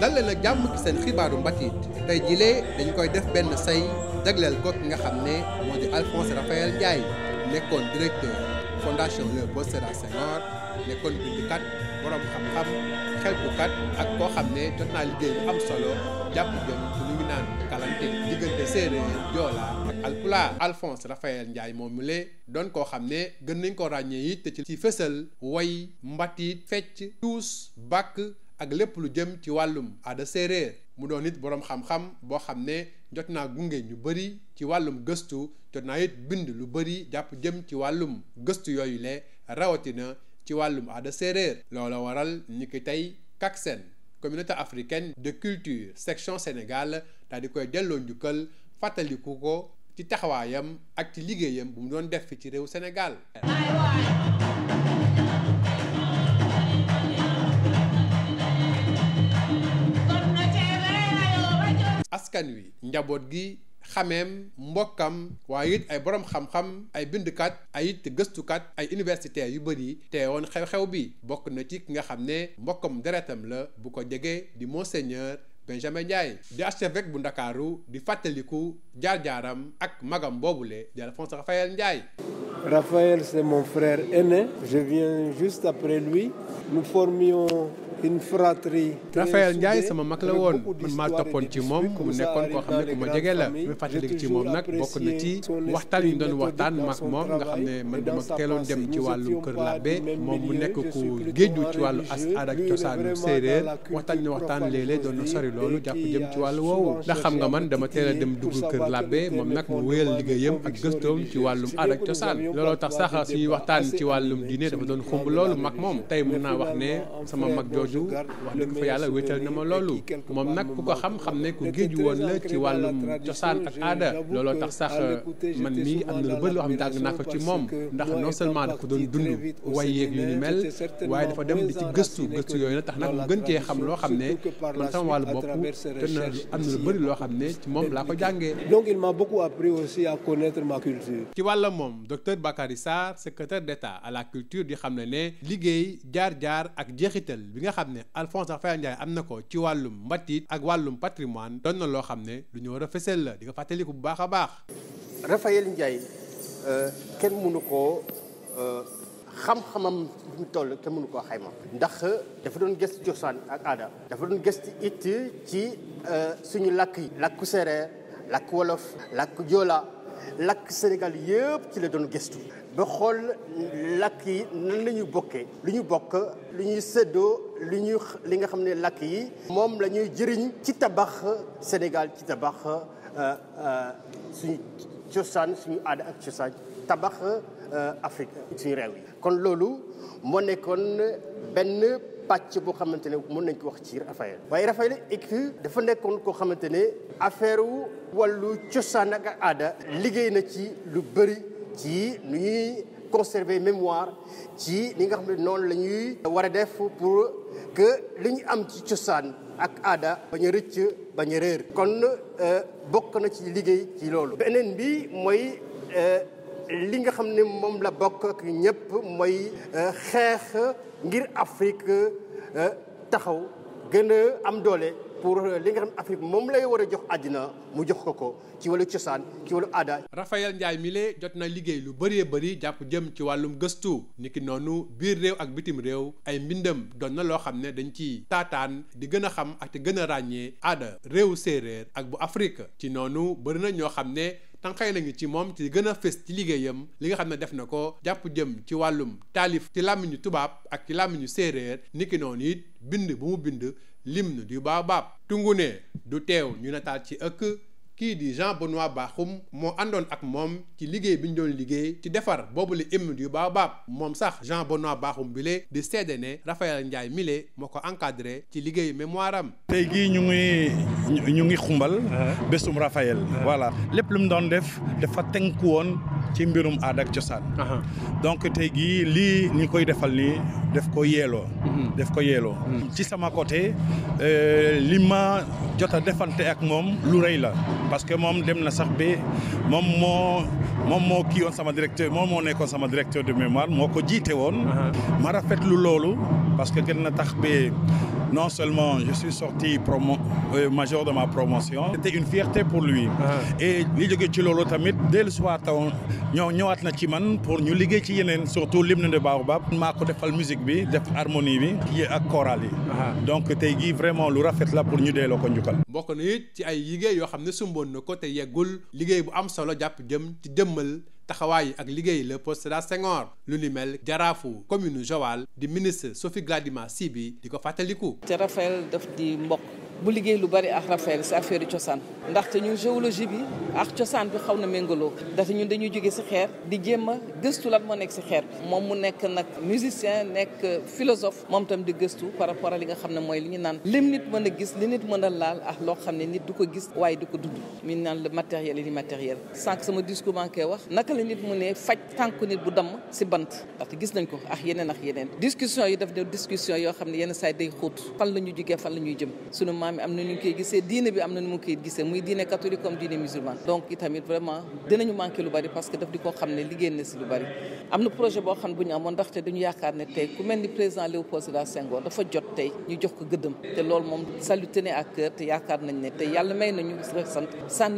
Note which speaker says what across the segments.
Speaker 1: dalal nag jàmm ki seen xibaaru mbatiit tey jilee dañ koy def benn say jagleel ko ki nga xam ne moo di Alphonse Raphaël Ndiaye nekkoon directeur fondation Léopold Sédar Senghor nekkoon bindkat borom xam-xam xeltukat ak koo xam ne jot naa liggéey bu am solo jàpp jëm ci lu ñu naan kalante diggante séeréer joola ak alpulaar Alphonse Raphaël Ndiaye moom lee doon koo xam ne gën nañ ko ràññee it te ci fësal woy mbatiit fecc tuus bakk ak lépp lu jëm ci wàllum aada séeréer mu doon it boroom xam-xam boo xam ne jot naa gunge ñu bëri ci wàllum gëstu jot naa it bind lu bëri jàpp jëm ci wàllum gëstu yooyu le rawatina ci wàllum aada séeréer loola waral ni ki tey CACSEN communauté africaine de culture section Sénégal daal di koy delloo njukkal fàttaliku ko ci taxawaayam ak ci liggéeyam bu mu doon def fi ci réew Sénégal askan wi njaboot gi xameem mbokkam waaye it ay boroom xam-xam ay bindkat ay it gëstukat ay universitaires yu bari te teewoon xew-xew bi bokk na ci ki nga xam ne mbokkam deretam la bu ko jege di monseigneur Benjamin Ndiaye di archevêque bu Ndakaaru di fàttaliku jaar-jaaram ak magam boobule di Alphonse Raphaël Ndiaye
Speaker 2: Raphaël, c'est mon frère aîné. Je viens juste après lui. Nous formions une fratrie. sama mag la woon
Speaker 1: man maa toppoon ci moom mu nekkoon koo xam ne ku ma jege la ma fàttaliku ci moom nag bokk na ci waxtaan yi ñu doon waxtaan mag moom nga xam ne man dama teeloon dem ci wàllu kër làbbe moom mu nekk ku géeju ci wàllu as aada ak cosaanu séeréer waxtaan ñu waxtaan léeg-léeg doon na sori loolu jàpp jëm ci wàllu woowu ndax xam nga man dama teel dem dugg kër làbbe moom nag mu wéyal liggéeyam ak gëstoom ci wàllum aada ak cosaan looloo tax sax si waxtaan ci wàllum diine dafa doon xumb loolu mag moom tey mun naa wax ne sama mag jooju wax dëgg fa yàlla wéetal na ma loolu moom nag ku ko xam xam ne ku géeju woon la ci wàllum cosaan ak aada looloo tax sax uh, man mii am na lu bëri loo xam ne jàng naa ko ci moom ndax non seulement dafa doon dund way yeeg yu ni mel waaye dafa dem di ci gëstu gëstu yooyu na tax nag mu gën cee xam loo xam ne man sama wàllu bopp te na am na lu bëri loo xam ne ci moom laa ko jàngee.
Speaker 2: donc il m'a beaucoup appris aussi à connaître ma culture.
Speaker 1: ci wàllam moom Bakary Sarr secrétaire d'État à la culture di xam ne ne liggéey jaar-jaar ak jeexital bi nga xam ne Alphonse Rafael Ndiaye am na ko ci wàllum mbatit ak wàllum patrimoine doon na loo xam ne lu ñu war a fesel la di nga fàttaliku bu baax a baax
Speaker 3: Rafael Ndiaye euh, kenn mënu koo euh, xam-xamam bi mu toll kenn mënu koo xayma ndax dafa doon gëstu cosaan ak aada dafa doon gëstu it ci euh, suñu làkk yi làkku làkk wolof làkk joola làkk Sénégal yëpp ci la doon gëstu ba xool làkk yi nan la bokkee lu ñu bokk lu ñuy séddoo lu ñu li nga xam ne làkk yi moom lañuy jëriñ ci tabax Sénégal ci tabax euh, euh, suñu cosaan suñu aada ak cosaan tabax euh, Afrique suñu réew yi kon loolu moo nekkoon benn pàcc boo xamante ne mën nañ ko wax ci Raphaël waaye Raphaël écrit dafa nekkoon koo xamante ne affaire wu wàllu cosaan ak aada liggéey na ci lu bëri ci nu ñuy conserver mémoire ci li nga xam ne noonu la ñuy war a def pour que li ñu am ci cosaan ak aada bañ a rëcc bañ a réer kon euh, bokk na ci liggéey ci loolu beneen bi mooy euh, li nga xam ne moom la bokk ak ñëpp mooy euh, xeex ngir Afrique euh, taxaw gën a am doole pour euh, li nga xam Afrique moom lay war a jox àddina mu jox ko ko ci wàllu cosaan ci wàllu aada. Raphaël
Speaker 1: Ndiaye mile jot na liggéey lu bëree bari jàpp jëm ci wàllum gëstu niki noonu biir réew ak bitim réew ay mbindam doon na loo xam ne dañ ci taataan di gën a xam ak te gën a ràññee aada réew séeréer ak bu Afrique ci noonu bëri na ñoo xam ne. tànqay nañu ci moom ci gën a fës ci liggéeyam li nga xam ne def na ko jàpp jëm ci wàllum taalif ci làmmiñu tubaab ak ci làmmiñu séeréer niki noonu it bind bu mu bind lim du baobab tungu ne du teew ñu nataal ci ëkk kii di Jean Benoît Bakhoum moo àndoon ak moom ci liggéey bi ñu doon liggéey ci defar boobu la immeuble yu Baobab moom sax Jean Benoît baaxum bile di seede ne Raphaël Ndiaye mile moo ko encadré ci liggéey mémoire am. tey gii ñu ngi ñu ngi xumbal. Ah. bésum Raphaël. Ah. voilà lépp lu mu doon def dafa
Speaker 4: tënku woon ci mbirum aada ak cosaan. Ah. donc tey gii lii ñu koy defal ni def ko yeeloo. Mm-hmm. def ko yéeloo mm-hmm. ci sama côté euh, li ma jot a defante ak moom lu rëy la parce que moom dem na sax bi moom moo moom moo kii sama directeur moom moo nekkoon sama directeur de mémoire moo ko jiite woon uh-huh. ma rafetlu loolu parce que gën na tax bi non seulement je suis sorti promo euh, major de ma promotion. c'était une fierté pour lui. Ah. et li jóge ci loolu tamit dellu si taw ñoo ñëwaat na ci man pour ñu liggéey ci yeneen surtout l'hymne de Baobab. maa ko defal
Speaker 1: musique bi def harmonie bi. yi ak chorale yi. Ah. donc tey jii vraiment lu rafet la pour ñu delloo ko njukkal. bokk na ci ay liggéey yoo xam ne sumboon na ko te yeggul liggéey bu am solo jàpp jëm ci jëmmal. taxawaay ak liggéey le poste Sédar Senghor lu ni mel jaraafu commune Joal
Speaker 5: di ministre Sophie Gladima Sy bi di ko fàttaliku. te Raphaël daf di mbokk bu liggéey lu bari ak Raphaël si affaire cosaan ndaxte ñun géologie bi ak cosaan bi xaw na méngaloo dafa ñu dañuy jóge si xeer di jéem a gëstu lan moo nekk si xeer moom mu nekk nag musicien nekk philosophe moom tam di gëstu par rapport a li nga xam ne mooy li ñu naan li nit mën a gis li nit mën a laal ak loo xam ne nit du ko gis waaye du ko dund mi matériel et l'immatériel sànq na nit mu ne faj tànku nit bu damm si bant ndaxte gis nañ ko ak yeneen ak yeneen discussion yi daf ne discussion yoo xam ne yenn saay day xóot fan la ñu jógee fan la jëm sunu maam yi am na ñu koy gisee diine bi am na nu mu koy gisee muy diine catholique comme diine musulman donc itamit vraiment dinañu manqué lu bari parce que daf di ko xam ne liggéey na si lu bari am na projet boo xam bu ñu amoon ndaxte dañu yaakaar ne tey ku mel ni président Léopold Sédar Senghor dafa jot tey ñu jox ko gëddëm te loolu moom saluté ne à cœur te nañ ne tey yàlla may nañu rek sant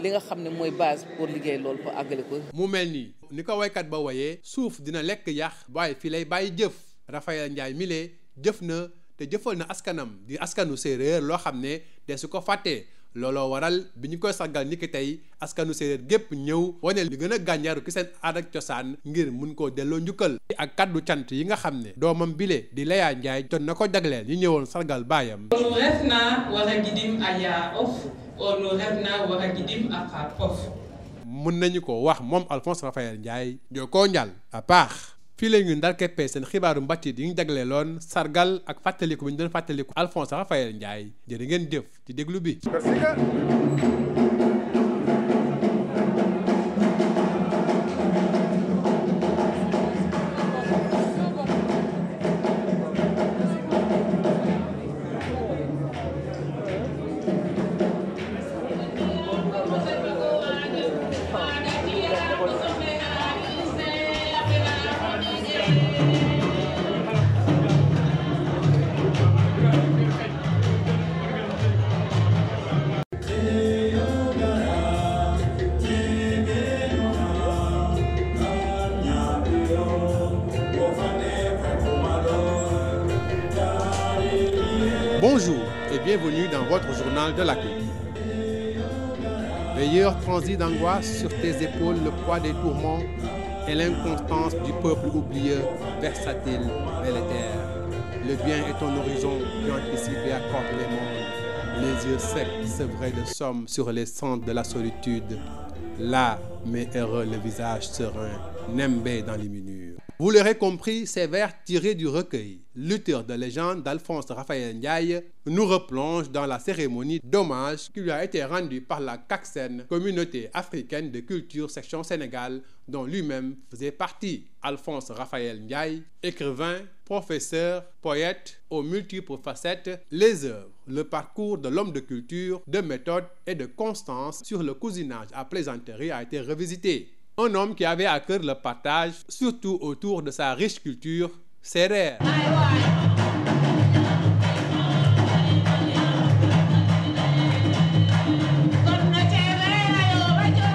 Speaker 5: li nga xam ne mooy base pour liggéey loolu pour ko mu mel nii
Speaker 1: ni ko woykat ba woyee suuf dina lekk yàq
Speaker 5: waaye fi lay bàyyi jëf
Speaker 1: Rafael Njaay mile jëf na te jëfal na askanam di askanu séeréer loo xam ne de su ko fàttee looloo waral bi ñu koy sargal ni ki tey askanu séeréer gépp ñëw wane li gën a gànjaaru ki seen aada cosaan ngir mun koo delloo njukkal ak kàddu cant yi nga xam ne doomam bile di Leya Ndiaye jot na ko jagleel ñu ñëwoon sargal baayam nu
Speaker 5: ref ref na war a gidim of
Speaker 1: mën nañu ko wax moom Alphonse Rafael Ndiaye jookoo njàll a paax fii la ñu ndar keppee seen xibaaru mbàttit yi ñu loon sargal ak fàttaliku bi ñu doon fàttaliku Alphonse Rafael Ndiaye jërë ngeen jëf ci déglu bi votre journal de la culture. Veilleur transi d'angoisse sur tes épaules le poids des tourments et l'inconstance du peuple oublieux, versatile, délétère. Le bien est ton horizon, tu anticipes et les mondes. Les yeux secs, sevrés de somme sur les centres de la solitude. Là, mais heureux, le visage serein, nembé dans les Vous l'aurez compris, ces vers tirés du recueil Luther de légende d'Alphonse Raphaël Ndiaye nous replonge dans la cérémonie d'hommage qui lui a été rendue par la CACSEN, communauté africaine de culture section Sénégal, dont lui-même faisait partie. Alphonse Raphaël Ndiaye, écrivain, professeur, poète aux multiples facettes, les œuvres, le parcours de l'homme de culture, de méthode et de constance sur le cousinage à plaisanterie a été revisité. un homme qui avait à cœur le partage, surtout autour de sa riche culture sérère.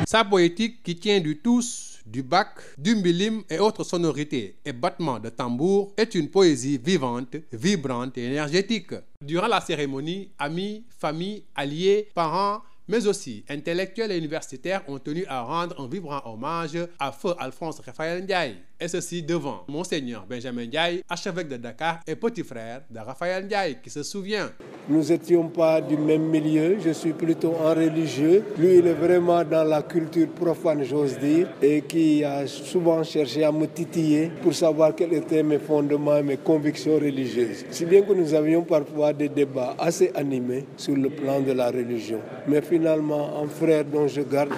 Speaker 1: Sa poétique qui tient du tous, du bac, du mbilim et autres sonorités et battements de tambour est une poésie vivante, vibrante et énergétique. Durant la cérémonie, amis, familles, alliés, parents, mais aussi intellectuels et universitaires ont tenu à rendre un vibrant hommage à feu Alphonse Raphaël Ndiaye. et ceci devant Monseigneur Benjamin Ndiaye, archevêque de Dakar et petit frère de Raphaël Ndiaye, qui se souvient.
Speaker 2: Nous n'étions pas du même milieu, je suis plutôt un religieux. Lui, il est vraiment dans la culture profane, j'ose dire, et qui a souvent cherché à me titiller pour savoir quels étaient mes fondements, mes convictions religieuses. Si bien que nous avions parfois des débats assez animés sur le plan de la religion. Mais finalement, un frère dont je garde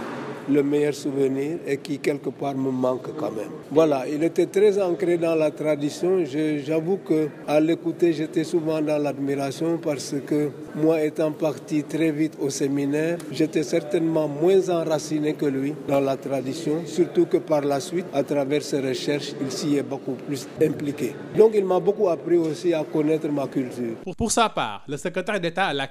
Speaker 2: le meilleur souvenir et qui quelque part me manque quand même. Voilà, il était très ancré dans la tradition. J'avoue que à l'écouter, j'étais souvent dans l'admiration parce que moi étant parti très vite au séminaire, j'étais certainement moins enraciné que lui dans la tradition, surtout que par la suite, à travers ses recherches, il s'y est beaucoup plus impliqué. Donc il m'a beaucoup appris à connaître ma culture.
Speaker 1: Pour, sa part, le secrétaire d'État à la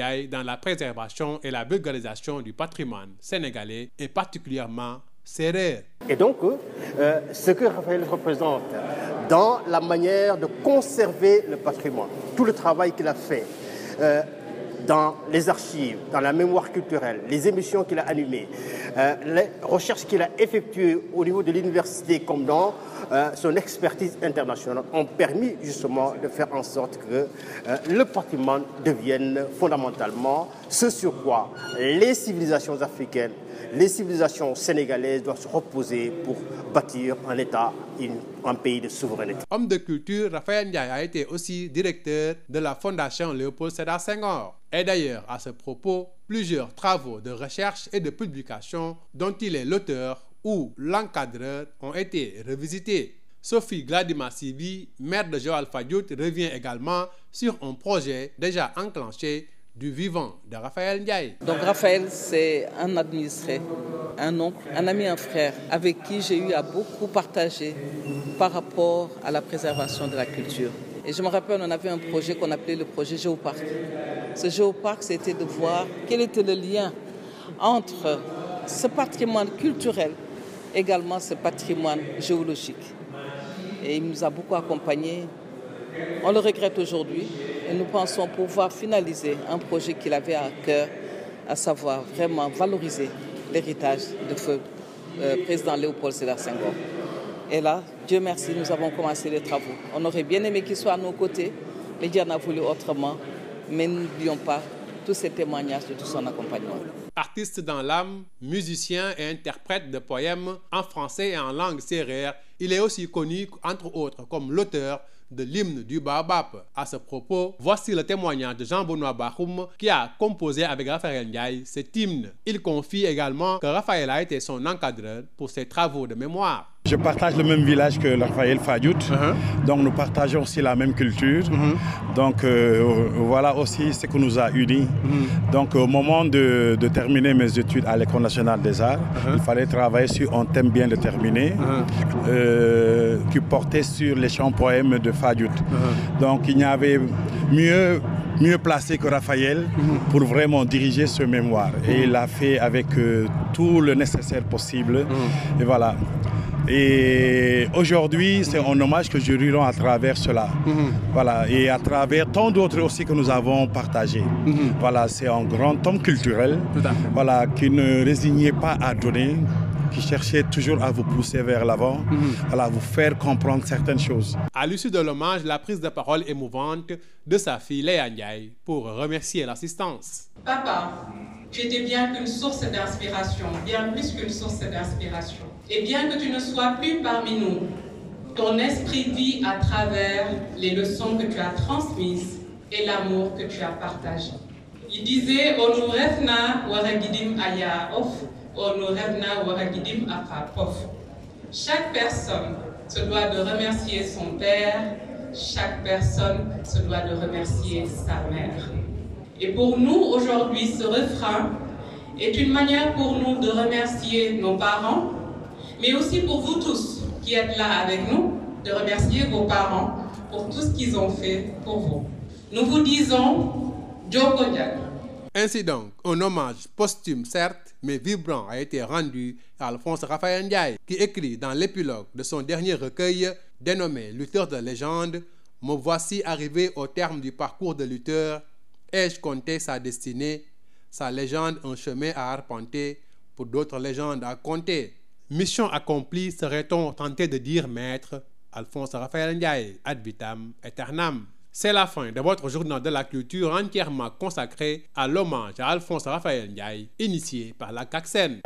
Speaker 1: a Ndiaye dans la préservation et la vulgarisation du patrimoine sénégalais et particulièrement sérère.
Speaker 3: Et donc, euh, ce que Raphaël représente dans la manière de conserver le patrimoine, tout le travail qu'il a fait, euh, dans les archives, dans la mémoire culturelle, les émissions qu'il a animées, euh, les recherches qu'il a effectuées au niveau de l'université comme dans euh, son expertise internationale ont permis justement de faire en sorte que euh, le patrimoine devienne fondamentalement ce sur quoi les civilisations africaines les civilisations sénégalaises doivent se reposer pour bâtir un État, une, un pays de souveraineté.
Speaker 1: Homme de culture, Raphaël Ndiaye a été aussi directeur de la Fondation Léopold Sédar Senghor. Et d'ailleurs, à ce propos, plusieurs travaux de recherche et de publication dont il est l'auteur ou l'encadreur ont été revisités. Sophie Gladima Sibi, maire de Joal Fadiout, revient également sur un projet déjà enclenché du vivant de Raphaël Ndiaye.
Speaker 5: Donc Raphaël, c'est un administré, un oncle, un ami, un frère, avec qui j'ai eu à beaucoup partager par rapport à la préservation de la culture. Et je me rappelle, on avait un projet qu'on appelait le projet Géoparc. Ce Géoparc, c'était de voir quel était le lien entre ce patrimoine culturel, également ce patrimoine géologique. Et il nous a beaucoup accompagnés On le regrette aujourd'hui et nous pensons pouvoir finaliser un projet qu'il avait à cœur, à savoir vraiment valoriser l'héritage de euh, président Léopold Sédar Senghor. Et là, Dieu merci, nous avons commencé les travaux. On aurait bien aimé qu'il soit à nos côtés, mais Dieu en a voulu autrement. Mais n'oublions pas tous ces témoignages de tout son accompagnement.
Speaker 1: Artiste dans l'âme, musicien et interprète de poèmes en français et en langue sérère, il est aussi connu, entre autres, comme de l'hymne du Baobab. À ce propos, voici le témoignage de Jean-Benoît Bahoum qui a composé avec Raphaël Ndiaye cet hymne. Il confie également que Raphaël a été son encadreur pour ses travaux de mémoire.
Speaker 4: Je partage le même village que Raphaël Fadiout, uh donc nous partageons aussi la même culture. Uh-huh. Donc euh, euh, voilà aussi ce qui nous a unis. Uh-huh. Donc au moment de, de terminer mes études à l'École nationale des arts, il fallait travailler sur un thème bien déterminé euh, qui portait sur les chants poèmes de Fadiout. Donc il n'y avait mieux placé que Raphaël pour vraiment diriger ce mémoire. Et il l'a fait avec euh, tout le nécessaire possible. Et voilà. Et aujourd'hui, c'est un hommage que je lui rends à travers cela. Mm -hmm. Voilà, et à travers tant d'autres aussi que nous avons partagé. Mm -hmm. Voilà, c'est un grand homme culturel. Tout à fait. Voilà, qui ne résignait pas à donner qui cherchait toujours à vous pousser vers l'avant, mm -hmm. à vous faire comprendre certaines choses.
Speaker 1: À l'issue de l'hommage, la prise de parole émouvante de sa fille Léa Ndiaye pour remercier l'assistance.
Speaker 5: Papa, tu étais bien qu'une source d'inspiration, bien plus qu'une source d'inspiration. Et bien que tu ne sois plus parmi nous, ton esprit vit à travers les leçons que tu as transmises et l'amour que tu as partagé. Il disait Onurevna waragidim ayaof, onurevna waragidim afapof. Chaque personne se doit de remercier son père, chaque personne se doit de remercier sa mère. Et pour nous, aujourd'hui, ce refrain est une manière pour nous de remercier nos parents, mais aussi pour vous tous qui êtes là avec nous, de remercier vos parents pour tout ce qu'ils ont fait pour vous. Nous vous disons Joko Diagne.
Speaker 1: Ainsi donc, un hommage posthume certes, mais vibrant a été rendu à Alphonse Raphaël Ndiaye, qui écrit dans l'épilogue de son dernier recueil, dénommé Lutteur de légende, Me voici arrivé au terme du parcours de lutteur, ai-je compté sa destinée, sa légende un chemin à arpenter, pour d'autres légendes à compter. Mission accomplie, serait-on tenté de dire, maître Alphonse Raphaël Ndiaye, ad vitam aeternam. C'est la fin de votre journal de la culture entièrement consacré à l'hommage à Alphonse Raphaël Ndiaye, initié par la CACSEN.